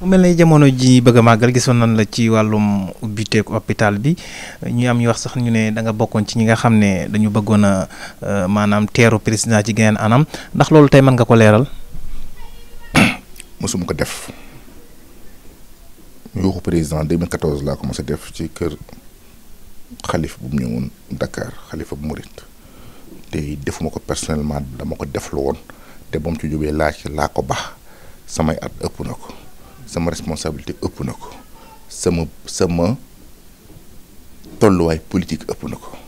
mu mel ne jamono ji bëgg a màggal gisoon nañ la ci wàllum ubbiteeku hôpital bi ñu am ñu wax sax ñu ne da nga bokkoon ci ñi nga xam ne dañu bëggoon a euh, maanaam teeru président ci geneen anam ndax loolu tey mën nga ko leeral. mosuma ko def ñu waxu président 2014 laa commencé def ci kër xalif bu mu ñëwoon Dakar xalifa bu Mouride te defuma ko personnellement dama ko def lu woon te ba ci jógee laa ci laa ko baax samay at ëpp na ko. sama responsabilité ëpp na ko sama sama tolluwaay politique ëpp na ko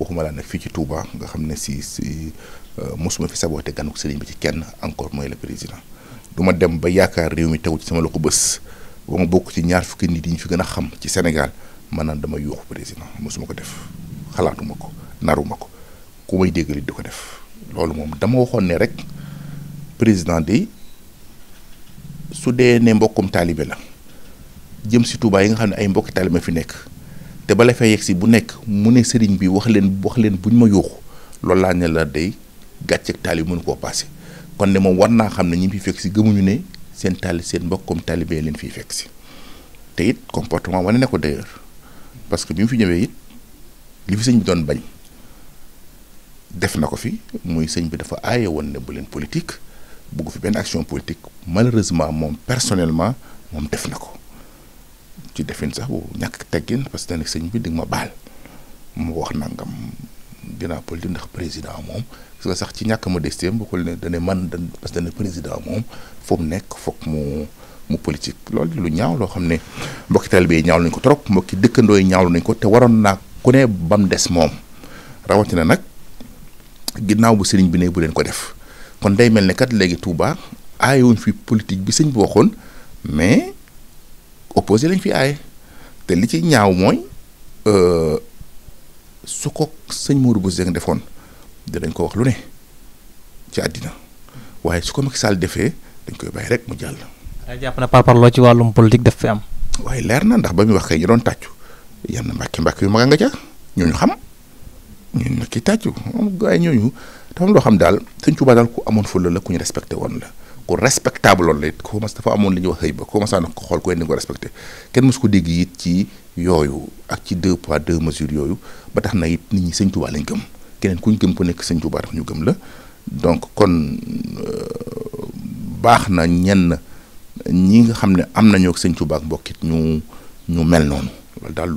waxuma laa nag fii ci Touba nga xam ne si si euh, mosuma fi saboté ganuk sëriñ bi ci kenn encore mooy le président duma dem ba yaakaar réew mi taw ci sama loxo bës ba ma bokk ci ñaar fukki nii yi ñu fi gën a xam ci senegal man maanaam dama yuuxu président mosuma ko def xalaatuma ko naruma ko ku may déggalit di ko def loolu moom dama waxoon ne rek président de su dee ne mbokkum taalibe la jëm si Touba yi nga xam ne ay mbokki taalibe fi nekk te ba la fee yegg si bu nekk mu ne sëriñ bi wax leen wax leen buñ ma yuuxu loolu laa ne la day gàcceeg taalib mënu koo passé kon ne moom war naa xam ne ñi fi fekk si gëmuñu ne seen taali seen mbokkum taalibe leen fiy fekk si te it comportement wane ne ko d'ailleurs parce que bi mu fi ñëwee it li fi sëñ bi doon bañ def na ko fi muy sëñ bi dafa aaye woon ne bu leen politique. buggu fi benn action politique malheureusement moom personnellement moom def na ko ci defin sax bu ñàkk teggin parce que nag sëñ bi di nga ma baal mu wax nangam dinaa politique ndax président moom parce que sax ci ñàkk ma destem bu ko ne dane man da parce que dane président moom foo nekk foog mu mu politique loolu lu ñaaw loo xam ne mbokki taalibe yi ñaawlu nañ ko trop mbokki dëkkandoo yi ñaawlu nañ ko te waroon naa ku ne bam des moom rawatina nag ginnaaw bu sëriñ bi ne bu leen ko def kon day mel ni kat léegi tuubaax aayewuñ fi politique bi sëñ bi waxoon mais opposé lañ fi aaye te li ci ñaaw mooy euh, su ko sëñ Modou Bousso Dieng defoon danañ ko wax lu ne ci àddina waaye su ko Macky Sall defee dañ koy bàyyi rek mu jàll. waaye jàpp na par ci wàllum politique daf fi am. leer na ndax ba muy wax kay ñu doon tàccu yann mbàkk mbàkk yu mag a nga ca ñooñu xam ñooñu nag ki tàccu am ñooñu dafa am loo xam daal sëñ Tuubaa daal ku amoon fulla la ku ñu respecté woon la ku respectable woon la it ko mas dafa amoon li ñuy wax xëy ba ko mas na ko xool ko indi ko respecté kenn mos ko dégg it ci yooyu ak ci deux poids deux mesures yooyu ba tax na it nit ñi sëñ Tuubaa lañ gëm keneen ku ñu gëm ku nekk sëñ Tuubaa tax ñu gëm la donc kon euh, baax na ñenn ñi nga xam ne am nañoo ak sëñ Tuubaa ak mbokk it ñu ñu mel noonu loolu daal.